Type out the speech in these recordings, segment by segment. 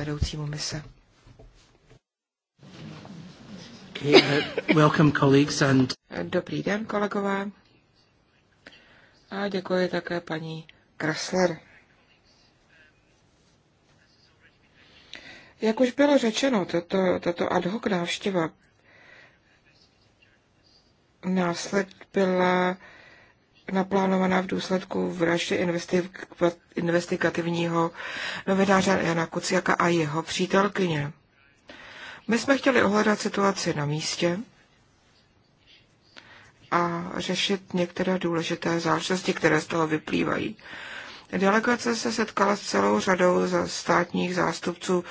vedoucímu mise. Uh, welcome, colleagues and... Dobrý den, kolegové. A děkuji také paní Kressler. Jak už bylo řečeno, tato, tato ad hoc návštěva násled byla naplánovaná v důsledku vraždy investigativního novináře Jana Kuciaka a jeho přítelkyně. My jsme chtěli ohledat situaci na místě a řešit některé důležité záležitosti, které z toho vyplývají. Delegace se setkala s celou řadou státních zástupců,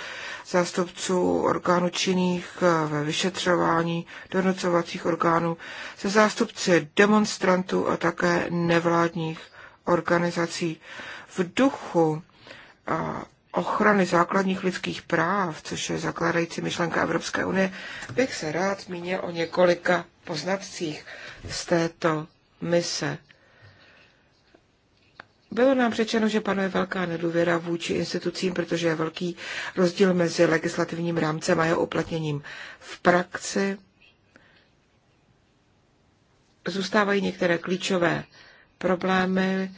zástupců orgánů činných eh, ve vyšetřování, donocovacích orgánů, se zástupci demonstrantů a také nevládních organizací. V duchu eh, ochrany základních lidských práv, což je zakládající myšlenka Evropské unie, bych se rád zmínil o několika poznatcích z této mise. Bylo nám řečeno, že panuje velká nedůvěra vůči institucím, protože je velký rozdíl mezi legislativním rámcem a jeho uplatněním v praxi. Zůstávají některé klíčové problémy,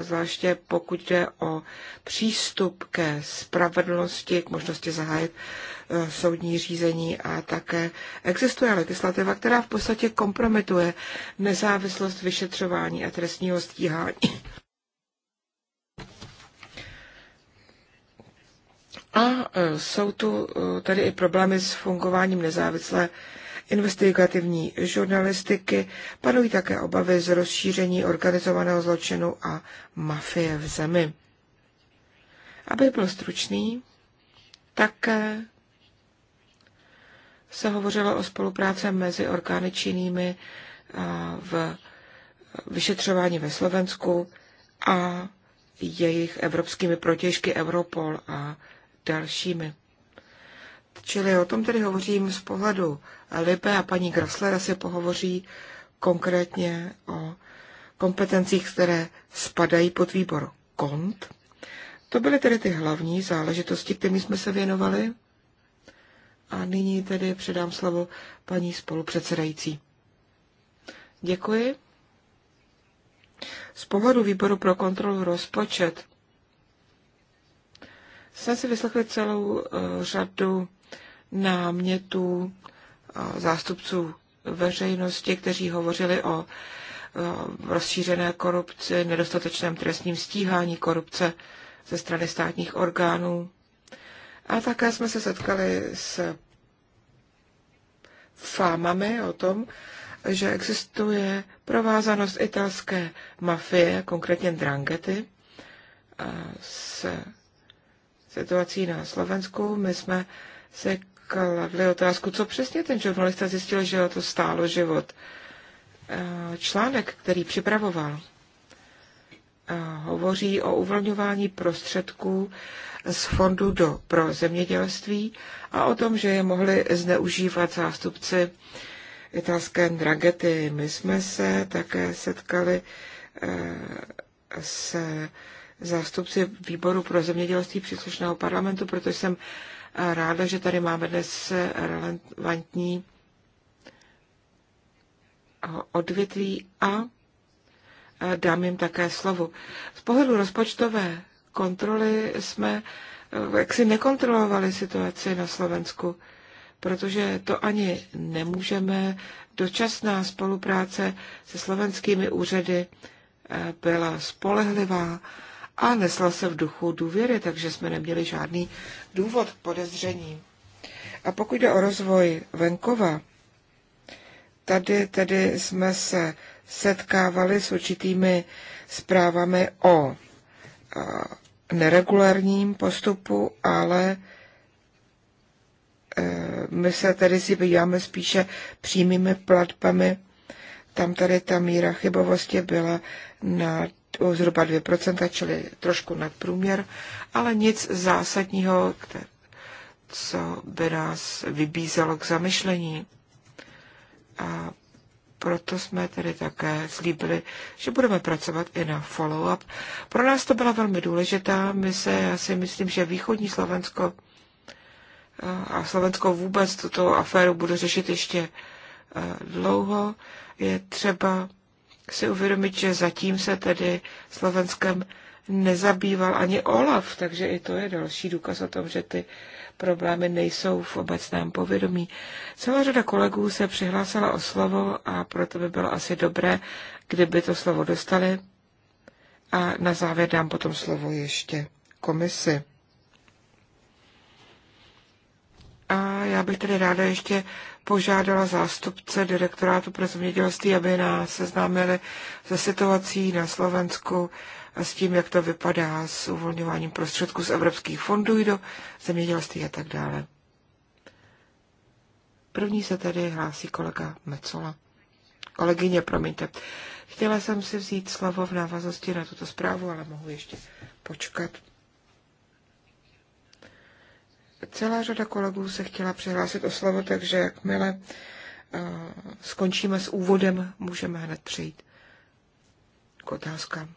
zvláště pokud jde o přístup ke spravedlnosti, k možnosti zahájit e, soudní řízení a také existuje legislativa, která v podstatě kompromituje nezávislost vyšetřování a trestního stíhání. A e, jsou tu e, tady i problémy s fungováním nezávislé investigativní žurnalistiky, panují také obavy z rozšíření organizovaného zločinu a mafie v zemi. Aby byl stručný, také se hovořilo o spolupráce mezi orgány činnými e, v vyšetřování ve Slovensku a jejich evropskými protěžky Europol a dalšími. Čili o tom tedy hovořím z pohledu Libe a paní Grassler si pohovoří konkrétně o kompetencích, které spadají pod výbor KONT. To byly tedy ty hlavní záležitosti, kterými jsme se věnovali. A nyní tedy předám slovo paní spolupředsedající. Děkuji. Z pohledu výboru pro kontrolu rozpočet jsme si vyslechli celou eh, řadu námětů eh, zástupců veřejnosti, kteří hovořili o eh, rozšířené korupci, nedostatečném trestním stíhání korupce ze strany státních orgánů. A také jsme se setkali s fámami o tom, že existuje provázanost italské mafie, konkrétně drangety, s situací na Slovensku. My jsme si kladli otázku, co přesně ten žurnalista zjistil, že to stálo život. Eh, článek, který připravoval, eh, hovoří o uvolňování prostředků z fondu do, pro zemědělství a o tom, že je mohli zneužívat zástupci italské dragety. My jsme se také setkali eh, se zástupci výboru pro zemědělství příslušného parlamentu, protože jsem ráda, že tady máme dnes relevantní odvětví a dám jim také slovo. Z pohledu rozpočtové kontroly jsme jaksi nekontrolovali situaci na Slovensku, protože to ani nemůžeme. Dočasná spolupráce se slovenskými úřady byla spolehlivá a nesla se v duchu důvěry, takže jsme neměli žádný důvod k podezření. A pokud jde o rozvoj venkova, tady tedy jsme se setkávali s určitými zprávami o neregulárním postupu, ale e, my se tedy si vyjáme spíše přímými platbami. Tam tady ta míra chybovosti byla nad zhruba 2%, čili trošku nad průměr, ale nic zásadního, co by nás vybízelo k zamyšlení. A proto jsme tedy také slíbili, že budeme pracovat i na follow-up. Pro nás to byla velmi důležitá se, Já si myslím, že východní Slovensko a Slovensko vůbec tuto aféru bude řešit ještě eh, dlouho. Je třeba si uvědomit, že zatím se tedy Slovenskem nezabýval ani Olaf, takže i to je další důkaz o tom, že ty problémy nejsou v obecném povědomí. Celá řada kolegů se přihlásila o slovo a proto by bylo asi dobré, kdyby to slovo dostali. A na závěr dám potom slovo ještě komisi. A já bych tedy ráda ještě požádala zástupce direktorátu pro zemědělství, aby nás seznámili se situací na Slovensku a s tím, jak to vypadá s uvolňováním prostředků z evropských fondů do zemědělství a tak dále. První se tedy hlásí kolega Mecola. Kolegyně, promiňte. Chtěla jsem si vzít slovo v návaznosti na tuto zprávu, ale mohu ještě počkat. Celá řada kolegů se chtěla přihlásit o slovo, takže jakmile eh, skončíme s úvodem, můžeme hned přejít k otázkám.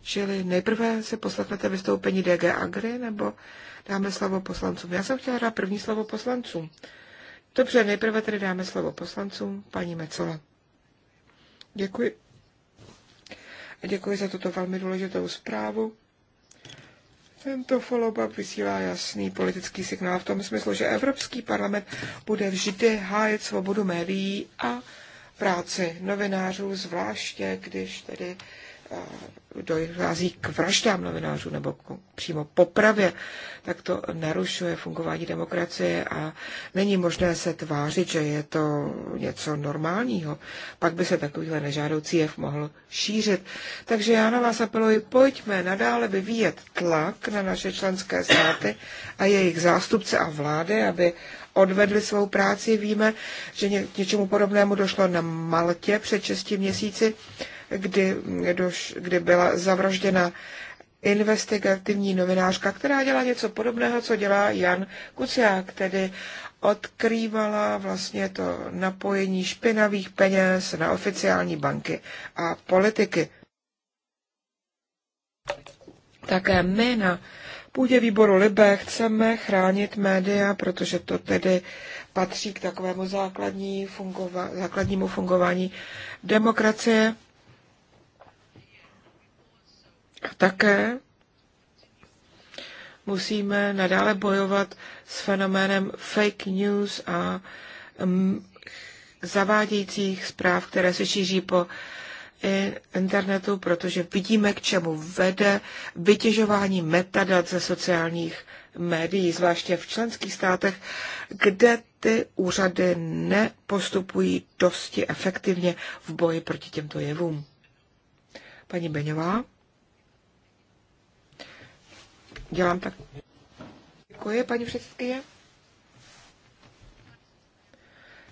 Čili nejprve si poslechnete vystoupení DG Agri, nebo dáme slovo poslancům. Já jsem chtěla dát první slovo poslancům. Dobře, nejprve tedy dáme slovo poslancům, paní Mecola. Děkuji. A děkuji za tuto velmi důležitou zprávu. Tento follow-up vysílá jasný politický signál v tom smyslu, že Evropský parlament bude vždy hájet svobodu médií a práci novinářů, zvláště když tedy Eh, dochází k vraždám novinářů nebo k přímo popravě, tak to narušuje fungování demokracie a není možné se tvářit, že je to něco normálního. Pak by se takovýhle nežádoucí jev mohl šířit. Takže já na vás apeluji, pojďme nadále vyvíjet tlak na naše členské státy a jejich zástupce a vlády, aby odvedli svou práci. Víme, že něčemu podobnému došlo na Maltě před 6 měsíci kdy, kdy byla zavražděna investigativní novinářka, která dělá něco podobného, co dělá Jan Kuciák, tedy odkrývala vlastně to napojení špinavých peněz na oficiální banky a politiky. Také my na půdě výboru Libe chceme chránit média, protože to tedy patří k takovému základní fungova- základnímu fungování demokracie. A také musíme nadále bojovat s fenoménem fake news a mm, zavádějících zpráv, které se šíří po internetu, protože vidíme, k čemu vede vytěžování metadat ze sociálních médií, zvláště v členských státech, kde ty úřady nepostupují dosti efektivně v boji proti těmto jevům. Paní Beňová. Dělám tak. Děkuji, paní předsedkyně.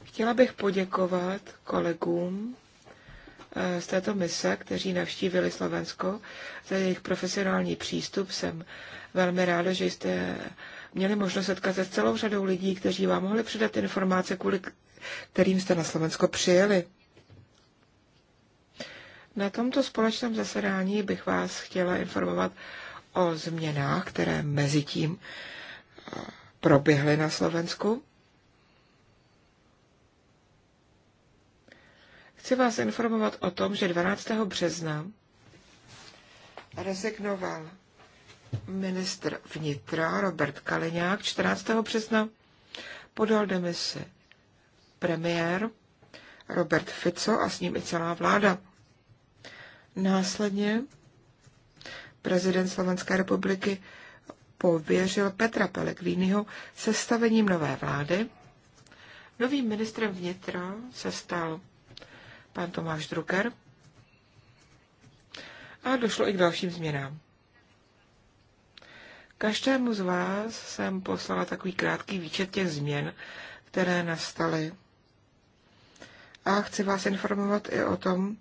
Chtěla bych poděkovat kolegům eh, z této mise, kteří navštívili Slovensko, za jejich profesionální přístup. Jsem velmi ráda, že jste měli možnost setkat se s celou řadou lidí, kteří vám mohli předat informace, kvůli kterým jste na Slovensko přijeli. Na tomto společném zasedání bych vás chtěla informovat o změnách, které mezi tím eh, proběhly na Slovensku. Chci vás informovat o tom, že 12. března rezignoval ministr vnitra Robert Kaliňák 14. března podal demisi premiér Robert Fico a s ním i celá vláda. Následně prezident Slovenské republiky pověřil Petra Pellegriniho sestavením nové vlády. Novým ministrem vnitra se stal pan Tomáš Drucker a došlo i k dalším změnám. Každému z vás jsem poslala takový krátký výčet těch změn, které nastaly. A chci vás informovat i o tom,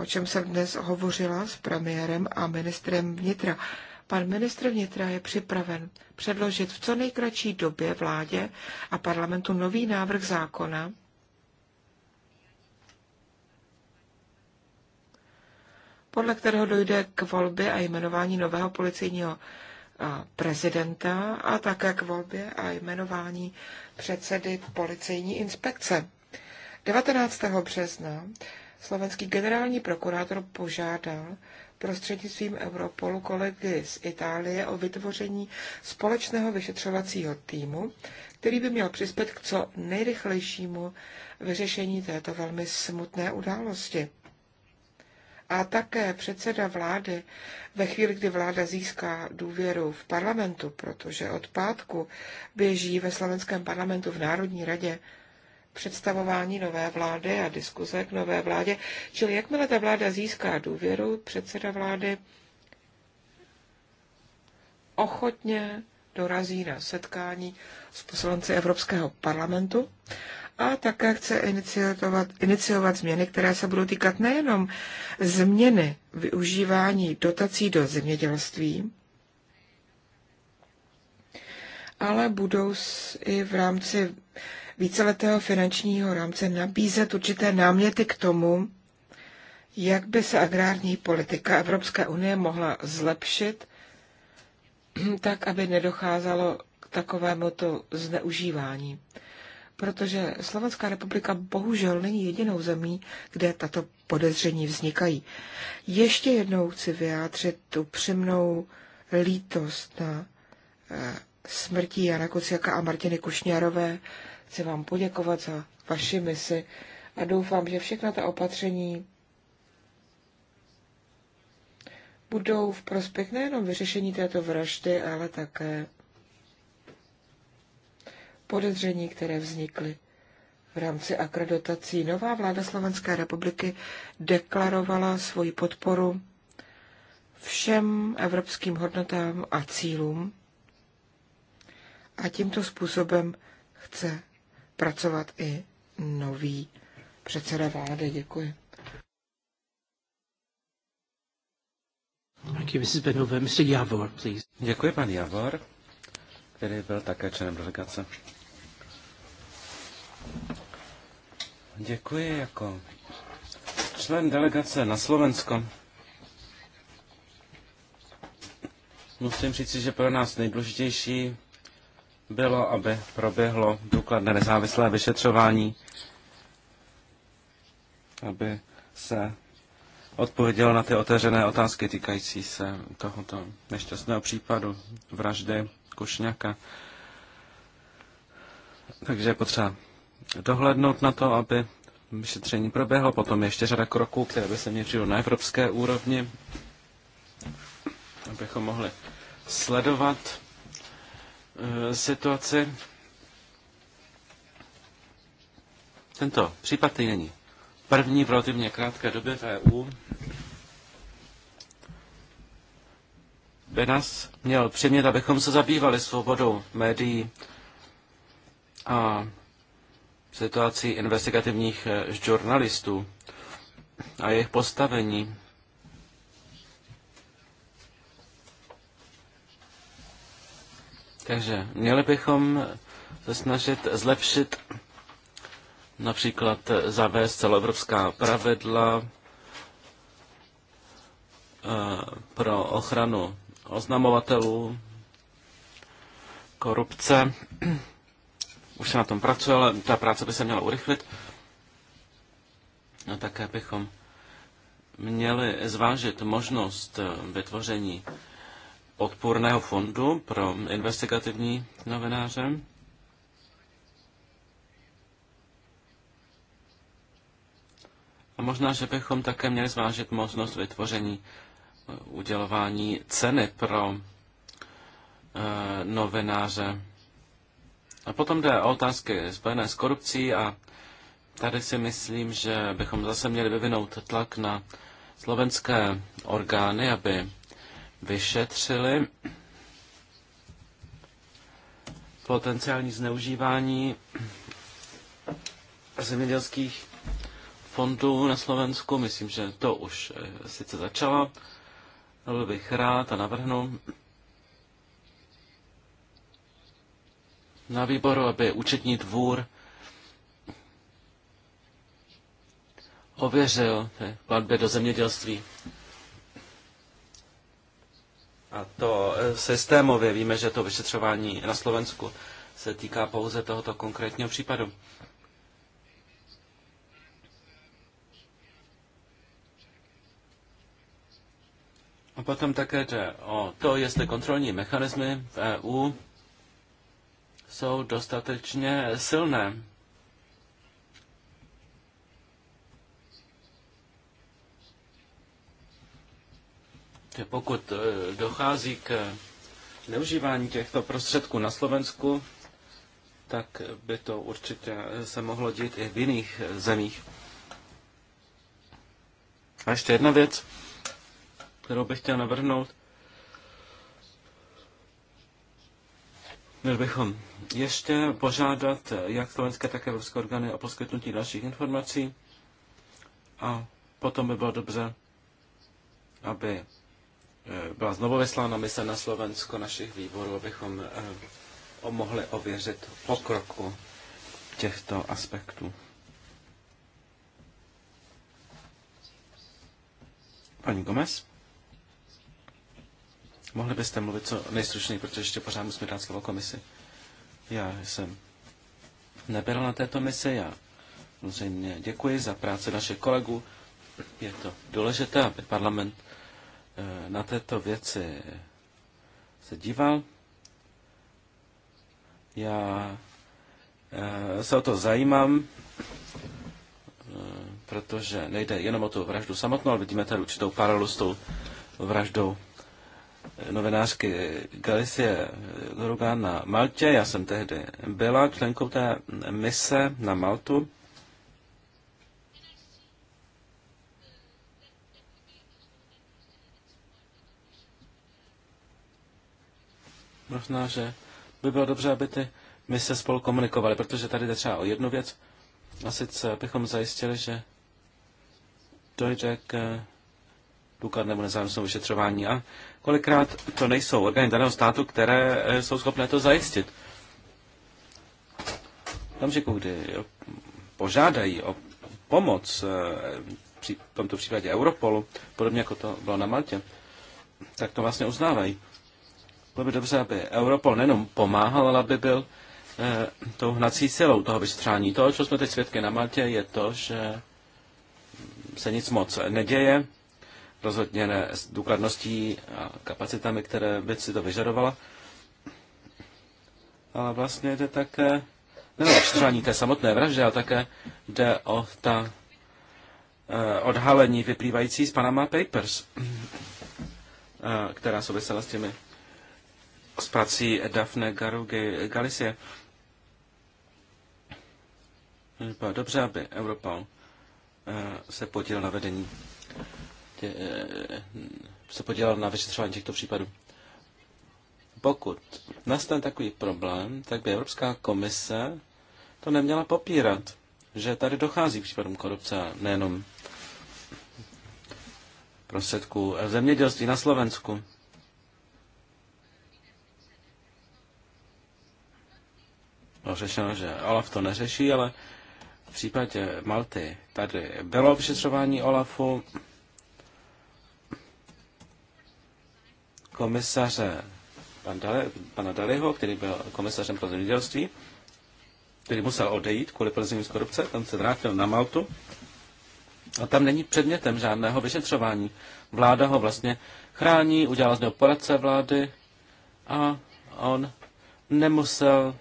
o čem jsem dnes hovořila s premiérem a ministrem vnitra. Pan ministr vnitra je připraven předložit v co nejkratší době vládě a parlamentu nový návrh zákona, podle kterého dojde k volbě a jmenování nového policejního prezidenta a také k volbě a jmenování předsedy policejní inspekce. 19. března slovenský generální prokurátor požádal prostřednictvím Europolu kolegy z Itálie o vytvoření společného vyšetřovacího týmu, který by měl přispět k co nejrychlejšímu vyřešení této velmi smutné události. A také předseda vlády ve chvíli, kdy vláda získá důvěru v parlamentu, protože od pátku běží ve slovenském parlamentu v Národní radě představování nové vlády a diskuze k nové vládě. Čili jakmile ta vláda získá důvěru, předseda vlády ochotně dorazí na setkání s poslanci Evropského parlamentu a také chce iniciovat, iniciovat změny, které se budou týkat nejenom změny využívání dotací do zemědělství, ale budou i v rámci víceletého finančního rámce nabízet určité náměty k tomu, jak by se agrární politika Evropské unie mohla zlepšit, tak aby nedocházelo k takovému to zneužívání. Protože Slovenská republika bohužel není jedinou zemí, kde tato podezření vznikají. Ještě jednou chci vyjádřit upřímnou lítost na eh, smrti Jana Kuciaka a Martiny Kušňarové, Chci vám poděkovat za vaši misi a doufám, že všechna ta opatření budou v prospěch nejenom vyřešení této vraždy, ale také podezření, které vznikly. V rámci akreditací nová vláda Slovenské republiky deklarovala svoji podporu všem evropským hodnotám a cílům a tímto způsobem chce pracovat i nový předseda vlády. Děkuji. Thank you, Mrs. Benova. Mr. Javor, please. Děkuji, pan Javor, který byl také členem delegace. Děkuji jako člen delegace na Slovensko. Musím říct, že pro nás nejdůležitější bylo, aby proběhlo důkladné nezávislé vyšetřování, aby se odpověděl na ty otevřené otázky týkající se tohoto nešťastného případu vraždy Košňaka. Takže je potřeba dohlednout na to, aby vyšetření proběhlo. Potom ještě řada kroků, které by se měřilo na evropské úrovni, abychom mohli sledovat Eh, situaci. Tento případ není první v relativně krátké době v EU. By nás měl přimět, abychom se zabývali svobodou médií a situací investigativních eh, žurnalistů a jejich postavení Takže měli bychom se snažit zlepšit například zavést celoevropská pravidla eh, pro ochranu oznamovatelů korupce. Už se na tom pracuje, ale ta práce by se měla urychlit. A také bychom měli zvážit možnost eh, vytvoření podpůrného fondu pro investigativní novináře. A možná, že bychom také měli zvážit možnost vytvoření eh, udělování ceny pro e, novináře. A potom jde o otázky spojené s korupcí a tady si myslím, že bychom zase měli vyvinout tlak na slovenské orgány, aby vyšetřili potenciální zneužívání zemědělských fondů na Slovensku. Myslím, že to už eh, sice začalo. Byl bych rád a navrhnu na výboru, aby účetní dvůr ověřil platby do zemědělství a to e, systémově víme, že to vyšetřování na Slovensku se týká pouze tohoto konkrétního případu. A potom také jde o to, jestli kontrolní mechanismy v EU jsou dostatečně silné. Pokud e, dochází k neužívání těchto prostředků na Slovensku, tak by to určitě se mohlo dít i v jiných zemích. A ještě jedna věc, kterou bych chtěl navrhnout. Měl bychom ještě požádat jak slovenské, tak evropské orgány o poskytnutí dalších informací a potom by bylo dobře, aby byla znovu vyslána mise na Slovensko našich výborů, abychom eh, mohli ověřit pokroku těchto aspektů. Paní Gomez? Mohli byste mluvit co nejstručněji, protože ještě pořád musíme dát slovo komisi. Já jsem nebyl na této misi, já samozřejmě děkuji za práci našich kolegů. Je to důležité, aby parlament Eh, na této věci se díval. Já eh, se o to zajímám, eh, protože nejde jenom o tu vraždu samotnou, ale vidíme tady určitou paralelu s tou vraždou novinářky Galicie Grugán na Maltě. Já jsem tehdy byla členkou té mise na Maltu Možná, že by bylo dobře, aby ty my se spolu komunikovali, protože tady jde třeba o jednu věc, a sice bychom zajistili, že dojde k eh, důkladnému nezávislému vyšetřování. A kolikrát to nejsou orgány daného státu, které eh, jsou schopné to zajistit. V okamžiku, kdy požádají o pomoc eh, v tomto případě Europolu, podobně jako to bylo na Maltě, tak to vlastně uznávají. Bylo by dobře, aby Europol nejenom pomáhal, ale aby byl e, tou hnací silou toho vyšetřování. To, co jsme teď svědky na Maltě, je to, že se nic moc neděje, rozhodně ne s důkladností a kapacitami, které by si to vyžadovala. Ale vlastně jde také, ne o vyšetřování té samotné vraždy, ale také jde o ta e, odhalení vyplývající z Panama Papers, eh, která souvisela s těmi s prací Daphne Garugy Galicie. Bylo dobře, aby Evropa eh, se podílel na vedení, eh, se podílel na vyšetřování těchto případů. Pokud nastane takový problém, tak by Evropská komise to neměla popírat, že tady dochází k případům korupce, nejenom prostředků zemědělství na Slovensku. No řešeno, že Olaf to neřeší, ale v případě Malty tady bylo vyšetřování Olafu. Komisaře pan Dali, pana Daliho, který byl komisařem pro zemědělství, který musel odejít kvůli podezření z korupce, tam se vrátil na Maltu a tam není předmětem žádného vyšetřování. Vláda ho vlastně chrání, udělal z něho poradce vlády a on nemusel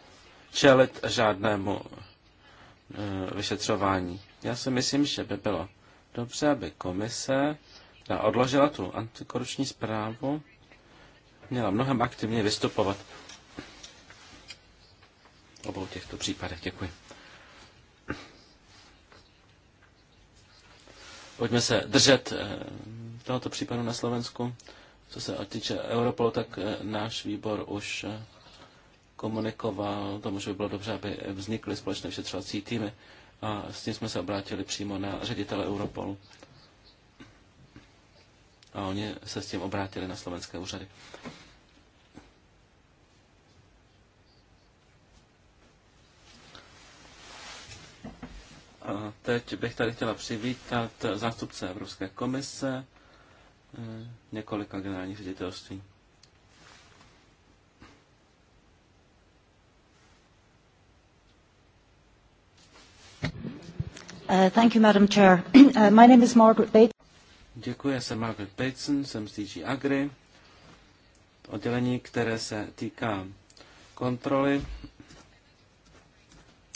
čelit žádnému eh, vyšetřování. Já si myslím, že by bylo dobře, aby komise která odložila tu antikorupční zprávu, měla mnohem aktivně vystupovat v obou těchto případech. Děkuji. Pojďme se držet eh, tohoto případu na Slovensku. Co se týče Europolu, tak eh, náš výbor už komunikoval, to že by bylo dobře, aby vznikly společné vyšetřovací týmy a s tím jsme se obrátili přímo na ředitele Europolu. A oni se s tím obrátili na slovenské úřady. A teď bych tady chtěla přivítat zástupce Evropské komise, eh, několika generálních ředitelství. Děkuji, jsem Margaret Bateson, jsem z DG Agri, oddělení, které se týká kontroly.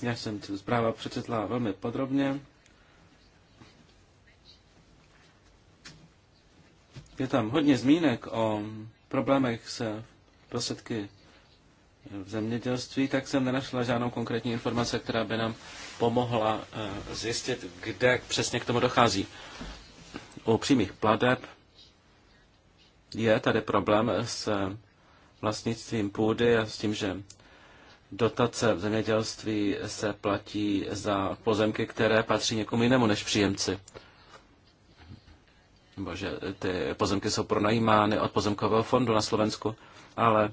Já jsem tu zpráva přečetla velmi podrobně. Je tam hodně zmínek o problémech se prostředky v zemědělství, tak jsem nenašla žádnou konkrétní informace, která by nám pomohla eh, zjistit, kde přesně k tomu dochází. U přímých pladeb je tady problém s eh, vlastnictvím půdy a s tím, že dotace v zemědělství se platí za pozemky, které patří někomu jinému než příjemci. Nebo že ty pozemky jsou pronajímány od pozemkového fondu na Slovensku, ale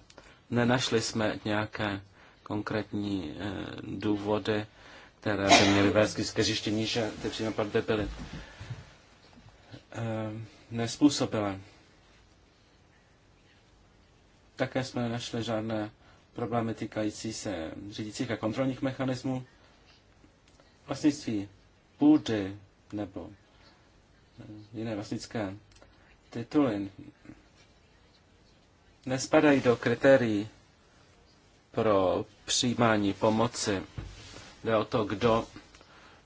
nenašli jsme nějaké konkrétní eh, důvody které by měly vést k zkeřištění, že ty přímé platby byly eh, nespůsobilé. Také jsme nenašli žádné problémy týkající se řídících a kontrolních mechanismů. Vlastnictví půdy nebo eh, jiné vlastnické tituly nespadají do kritérií pro přijímání pomoci Jde o to, kdo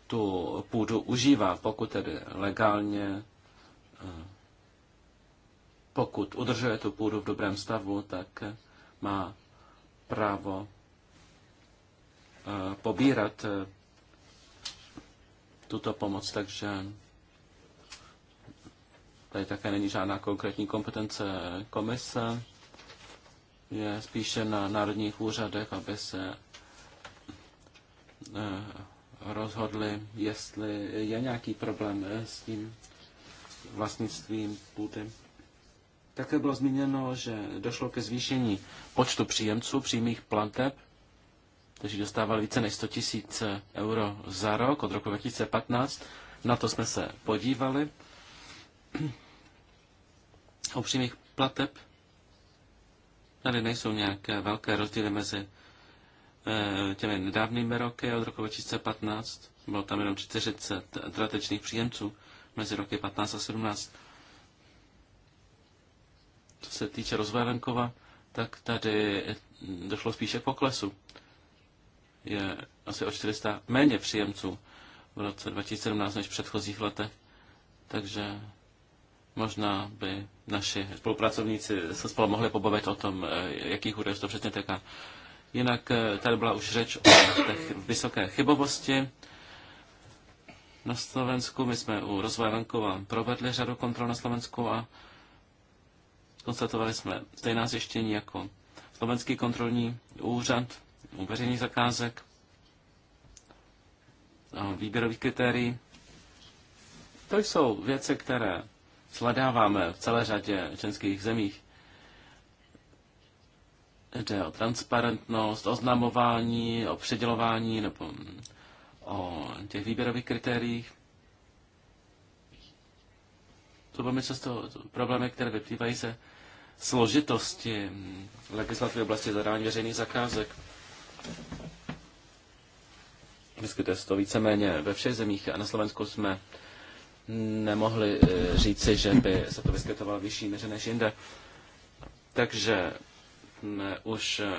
tu půdu užívá, pokud tedy legálně, eh, pokud udržuje tu půdu v dobrém stavu, tak eh, má právo eh, pobírat tuto pomoc, takže tady také není žádná konkrétní kompetence komise. Je spíše na národních úřadech, aby se Eh, rozhodli, jestli je nějaký problém eh, s tím vlastnictvím půdy. Také bylo zmíněno, že došlo ke zvýšení počtu příjemců přímých planteb, kteří dostávali více než 100 tisíc eh, euro za rok od roku 2015. Na to jsme se podívali. O přímých plateb tady nejsou nějaké velké rozdíly mezi Eh, těmi nedávnými roky od roku 2015. Bylo tam jenom 40 dodatečných příjemců mezi roky 15 a 17. Co se týče rozvoje venkova, tak tady došlo spíše k poklesu. Je asi o 400 méně příjemců v roce 2017 než v předchozích letech. Takže možná by naši spolupracovníci se spolu mohli pobavit o tom, eh, jakých údajů to přesně týká. Jinak eh, tady byla už řeč o té vysoké chybovosti. Na Slovensku my jsme u rozvoje venkova provedli řadu kontrol na Slovensku a konstatovali jsme stejná zjištění jako Slovenský kontrolní úřad u veřejných zakázek a výběrových kritérií. To jsou věci, které sledáváme v celé řadě členských zemích. Jde o transparentnost, oznamování, o předělování nebo mm, o těch výběrových kritériích. To velmi často problémy, které vyplývají ze složitosti mm, legislativy v oblasti zadání veřejných zakázek. Vyskytuje se to víceméně ve všech zemích a na Slovensku jsme nemohli e, říci, že by se to vyskytovalo vyšší měře než jinde. Takže už eh,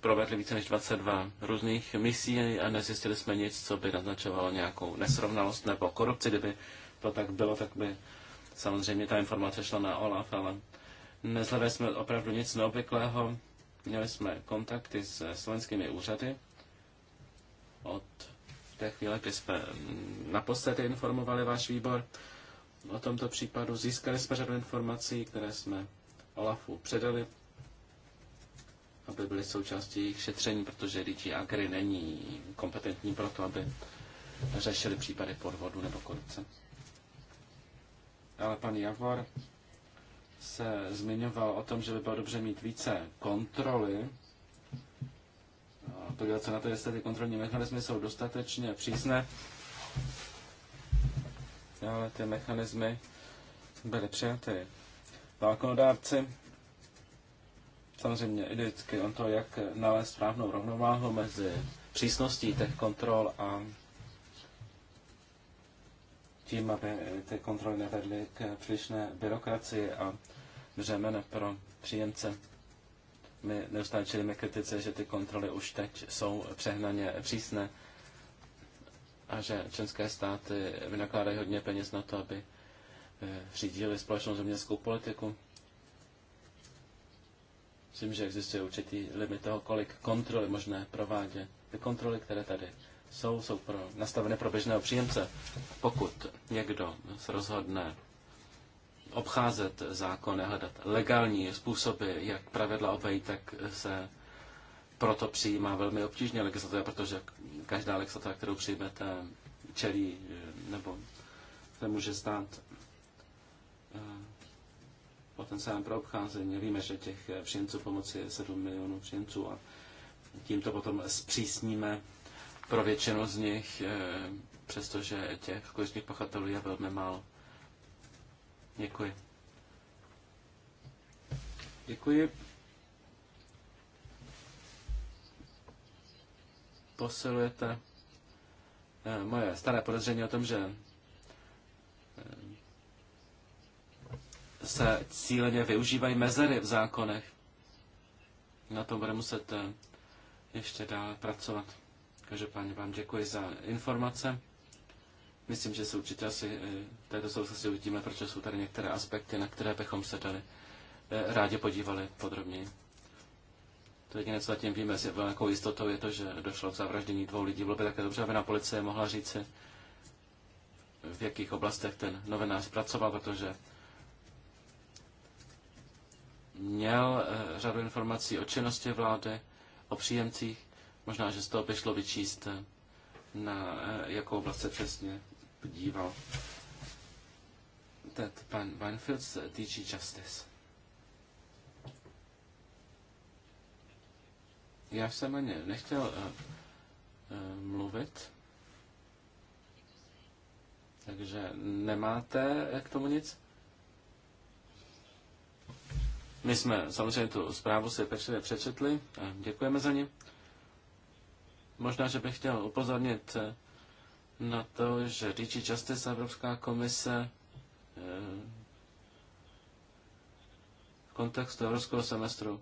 provedli více než 22 různých misí a nezjistili jsme nic, co by naznačovalo nějakou nesrovnalost nebo korupci. Kdyby to tak bylo, tak by samozřejmě ta informace šla na OLAF, ale nezhledali jsme opravdu nic neobvyklého. Měli jsme kontakty s slovenskými úřady od té chvíle, kdy jsme naposledy informovali váš výbor o tomto případu. Získali jsme řadu informací, které jsme OLAFu předali aby byly součástí jejich šetření, protože DG Agri není kompetentní pro to, aby řešili případy podvodu nebo korupce. Ale pan Javor se zmiňoval o tom, že by bylo dobře mít více kontroly, podívat se na to, jestli ty kontrolní mechanismy jsou dostatečně přísné, ale ty mechanismy byly přijaty zákonodárci samozřejmě jde vždycky o to, jak nalézt správnou rovnováhu mezi přísností těch kontrol a tím, aby ty kontroly nevedly k přílišné byrokracii a břemene pro příjemce. My neustále čelíme kritice, že ty kontroly už teď jsou přehnaně přísné a že členské státy vynakládají hodně peněz na to, aby eh, řídili společnou zeměskou politiku. Myslím, že existuje určitý limit toho, kolik kontroly možné provádět. Ty kontroly, které tady jsou, jsou pro, nastavené pro běžného příjemce. Pokud někdo se rozhodne obcházet zákon, hledat legální způsoby, jak pravidla obejít, tak se proto přijímá velmi obtížně legislativa, protože každá legislativa, kterou přijmete, čelí eh, nebo se může stát potenciálem pro obcházení. Víme, že těch příjemců pomoci je 7 milionů příjemců a tímto potom zpřísníme pro většinu z nich, eh, přestože těch skutečných pachatelů je velmi málo. Děkuji. Děkuji. Posilujete eh, moje staré podezření o tom, že se cíleně využívají mezery v zákonech. Na tom bude muset eh, ještě dál pracovat. Každopádně vám děkuji za informace. Myslím, že se určitě asi eh, v této souvislosti uvidíme, proč jsou tady některé aspekty, na které bychom se dali eh, rádi podívali podrobněji. To jediné, co zatím víme s velkou jistotou, je to, že došlo k zavraždění dvou lidí. Bylo by také dobře, aby na policie mohla říci, v jakých oblastech ten novinář pracoval, protože měl eh, řadu informací o činnosti vlády, o příjemcích. Možná, že z toho by šlo vyčíst, eh, na eh, jakou oblast se přesně podíval. Ted pan Weinfeld z DG Justice. Já jsem ani nechtěl uh, uh, mluvit, takže nemáte k tomu nic? My jsme samozřejmě tu zprávu si pečlivě přečetli a děkujeme za ně. Možná, že bych chtěl upozornit eh, na to, že DG Justice Evropská komise eh, v kontextu evropského semestru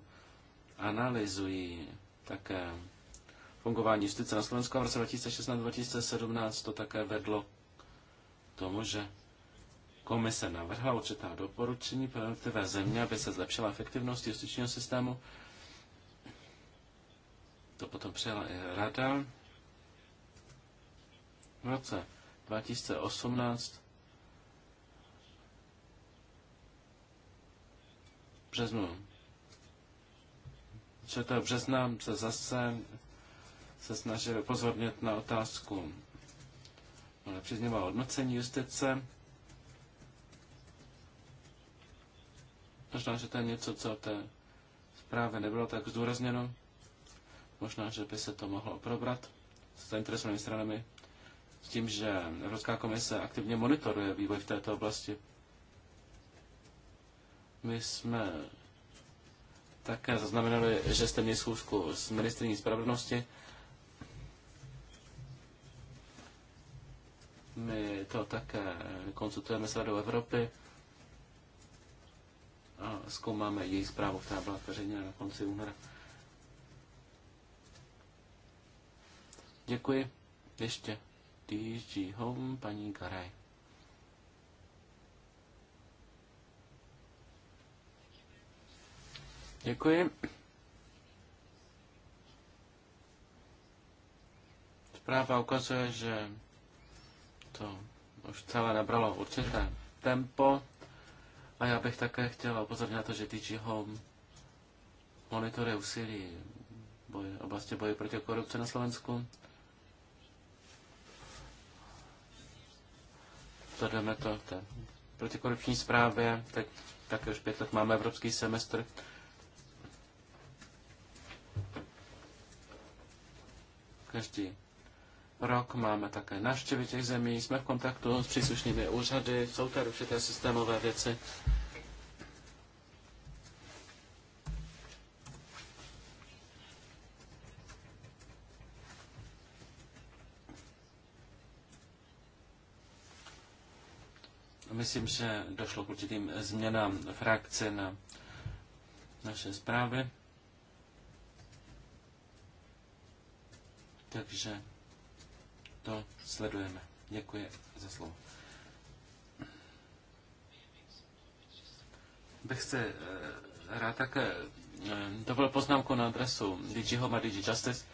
analyzují také fungování justice na Slovensku v roce 2016-2017 to také vedlo k tomu, že Komise navrhla určitá doporučení pro jednotlivé země, aby se zlepšila efektivnost justičního systému. To potom přijala i rada. V roce 2018 březnu. 4. března se zase se snažili upozornit na otázku nepříznivého hodnocení justice. Možná, že to je něco, co té zprávě nebylo tak zdůrazněno. Možná, že by se to mohlo probrat s zainteresovanými stranami s tím, že Evropská komise aktivně monitoruje vývoj v této oblasti. My jsme také zaznamenali, že jste měli schůzku s ministriní spravedlnosti. My to také konzultujeme s Radou Evropy a zkoumáme její zprávu, která byla zveřejněna na konci února. Děkuji. Ještě DG Home, paní Garaj. Děkuji. Zpráva ukazuje, že to už celé nabralo určité tempo. A já bych také chtěla upozornit na to, že DG Home monitoruje úsilí boje, oblasti boje proti korupci na Slovensku. jdeme to v té protikorupční zprávě, tak také už pět let máme evropský semestr. Každý rok. Máme také návštěvy těch zemí, jsme v kontaktu s příslušnými úřady, jsou tady určité systémové věci. Myslím, že došlo k určitým změnám v reakci na naše zprávy. Takže to sledujeme. Děkuji za slovo. Bych se eh, rád také eh, dovolil poznámku na adresu DG Home a DG Justice.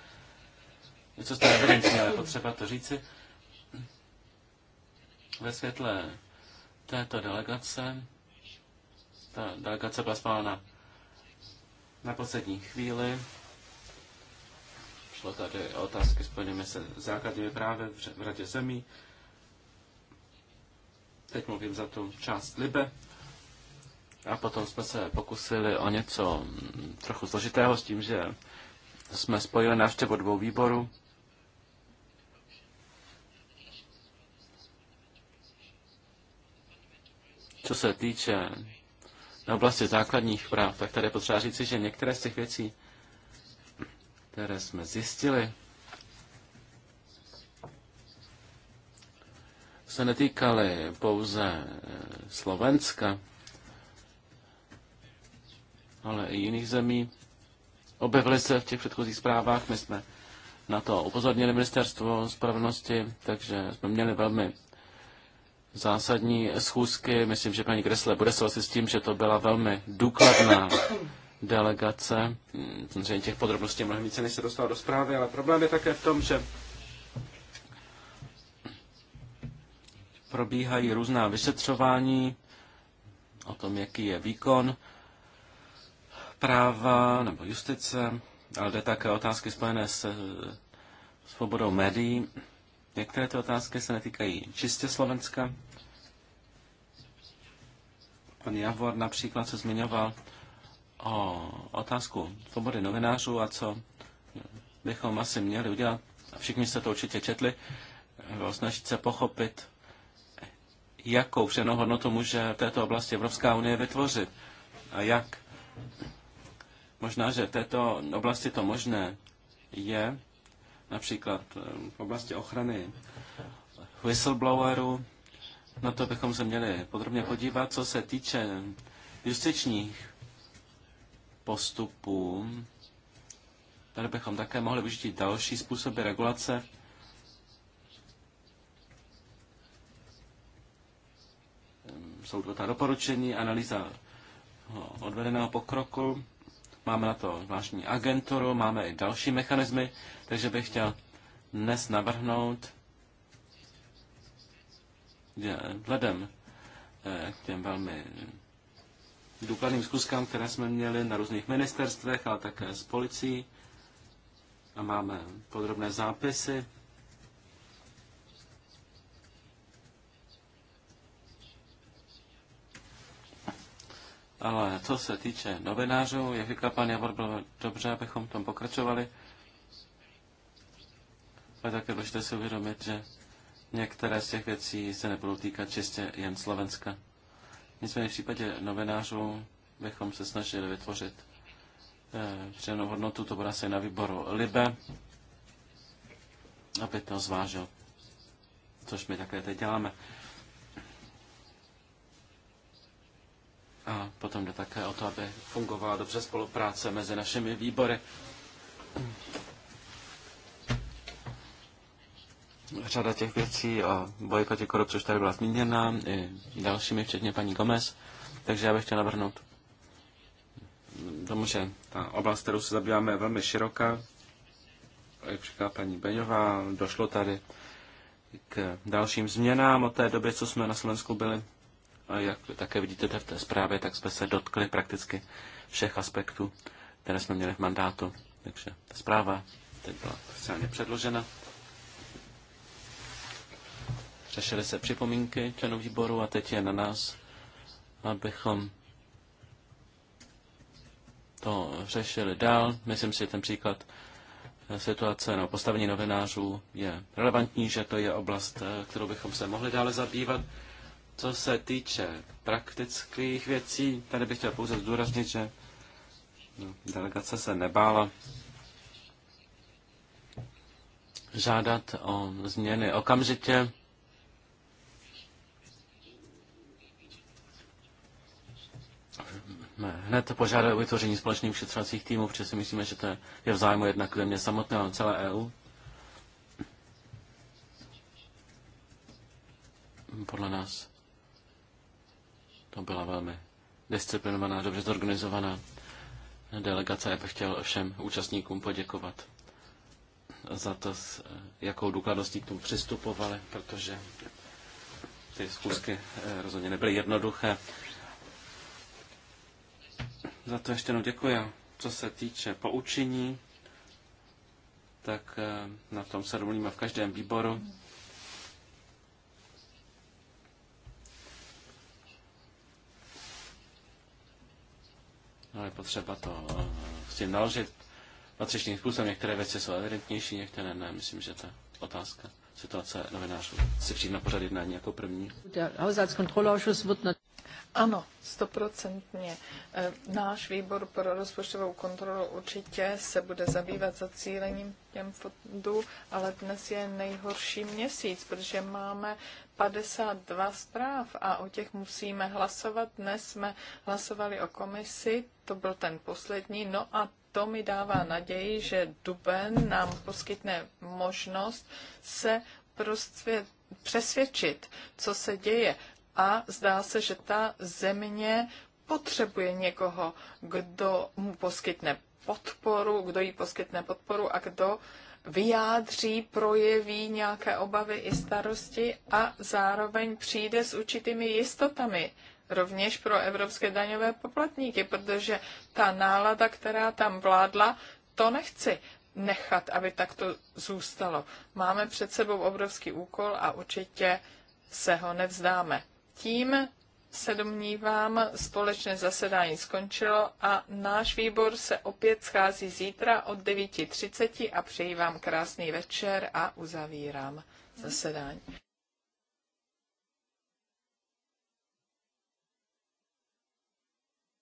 Něco jste evidentní, ale potřeba to říci. Ve světle této delegace, ta delegace byla spálena na poslední chvíli, Šlo tady o otázky spojené se základními právy v Radě zemí. Teď mluvím za tu část Libe. A potom jsme se pokusili o něco mm, trochu složitého s tím, že jsme spojili návštěvu dvou výborů. Co se týče na oblasti základních práv, tak tady potřeba říci, že některé z těch věcí které jsme zjistili, se netýkaly pouze eh, Slovenska, ale i jiných zemí. Objevily se v těch předchozích zprávách, my jsme na to upozornili ministerstvo spravedlnosti, takže jsme měli velmi zásadní schůzky. Myslím, že paní Kresle bude souhlasit s tím, že to byla velmi důkladná delegace. Samozřejmě těch podrobností mnohem více, než se dostalo do zprávy, ale problém je také v tom, že probíhají různá vyšetřování o tom, jaký je výkon práva nebo justice, ale jde také otázky spojené s svobodou médií. Některé ty otázky se netýkají čistě Slovenska. Pan Javor například se zmiňoval o otázku svobody novinářů a co bychom asi měli udělat, a všichni jste to určitě četli, snažit se pochopit, jakou přenou hodnotu může v této oblasti Evropská unie vytvořit a jak. Možná, že v této oblasti to možné je, například eh, v oblasti ochrany whistleblowerů, na to bychom se měli podrobně podívat, co se týče justičních postupů. Tady bychom také mohli využít další způsoby regulace. Jsou to ta doporučení, analýza odvedeného pokroku. Máme na to zvláštní agenturu, máme i další mechanismy, takže bych chtěl dnes navrhnout vzhledem eh, k těm velmi důkladným zkuskám, které jsme měli na různých ministerstvech, ale také s policií. A máme podrobné zápisy. Ale co se týče novinářů, jak říkal pan Javor, bylo dobře, abychom tom pokračovali. Ale také důležité si uvědomit, že některé z těch věcí se nebudou týkat čistě jen Slovenska. Nicméně v případě novinářů bychom se snažili vytvořit eh, přidanou hodnotu, to bude asi na výboru Libe, aby to zvážil, což my také teď děláme. A potom jde také o to, aby fungovala dobře spolupráce mezi našimi výbory. Řada těch věcí o boji proti korupci už tady byla zmíněna, i dalšími, včetně paní Gomez, takže já bych chtěl navrhnout tomu, že ta oblast, kterou se zabýváme, je velmi široká. Jak říká paní Beňová, došlo tady k dalším změnám od té doby, co jsme na Slovensku byli. A jak také vidíte v té zprávě, tak jsme se dotkli prakticky všech aspektů, které jsme měli v mandátu. Takže ta zpráva teď byla oficiálně předložena řešily se připomínky členů výboru a teď je na nás, abychom to řešili dál. Myslím si, že ten příklad eh, situace nebo postavení novinářů je relevantní, že to je oblast, eh, kterou bychom se mohli dále zabývat. Co se týče praktických věcí, tady bych chtěl pouze zdůraznit, že no, delegace se nebála žádat o změny okamžitě. jsme hned požádali o vytvoření společných vyšetřovacích týmů, protože si myslíme, že to je v zájmu jednak země samotné, ale celé EU. Podle nás to byla velmi disciplinovaná, dobře zorganizovaná delegace. Já bych chtěl všem účastníkům poděkovat za to, s jakou důkladností k tomu přistupovali, protože ty zkusky eh, rozhodně nebyly jednoduché. Za to ještě jednou děkuji. Co se týče poučení, tak eh, na tom se domluvíme v každém výboru. No, je potřeba to eh, s tím naložit patřičným způsobem. Některé věci jsou evidentnější, některé ne. Myslím, že ta otázka situace novinářů si přijde na pořad jednání jako první. Ano, stoprocentně. E, náš výbor pro rozpočtovou kontrolu určitě se bude zabývat zacílením těm fondů, ale dnes je nejhorší měsíc, protože máme 52 zpráv a o těch musíme hlasovat. Dnes jsme hlasovali o komisi, to byl ten poslední, no a to mi dává naději, že Duben nám poskytne možnost se prostě přesvědčit, co se děje a zdá se, že ta země potřebuje někoho, kdo mu poskytne podporu, kdo jí poskytne podporu a kdo vyjádří, projeví nějaké obavy i starosti a zároveň přijde s určitými jistotami rovněž pro evropské daňové poplatníky, protože ta nálada, která tam vládla, to nechci nechat, aby takto zůstalo. Máme před sebou obrovský úkol a určitě se ho nevzdáme tím se domnívám, společné zasedání skončilo a náš výbor se opět schází zítra od 9.30 a přeji vám krásný večer a uzavírám zasedání.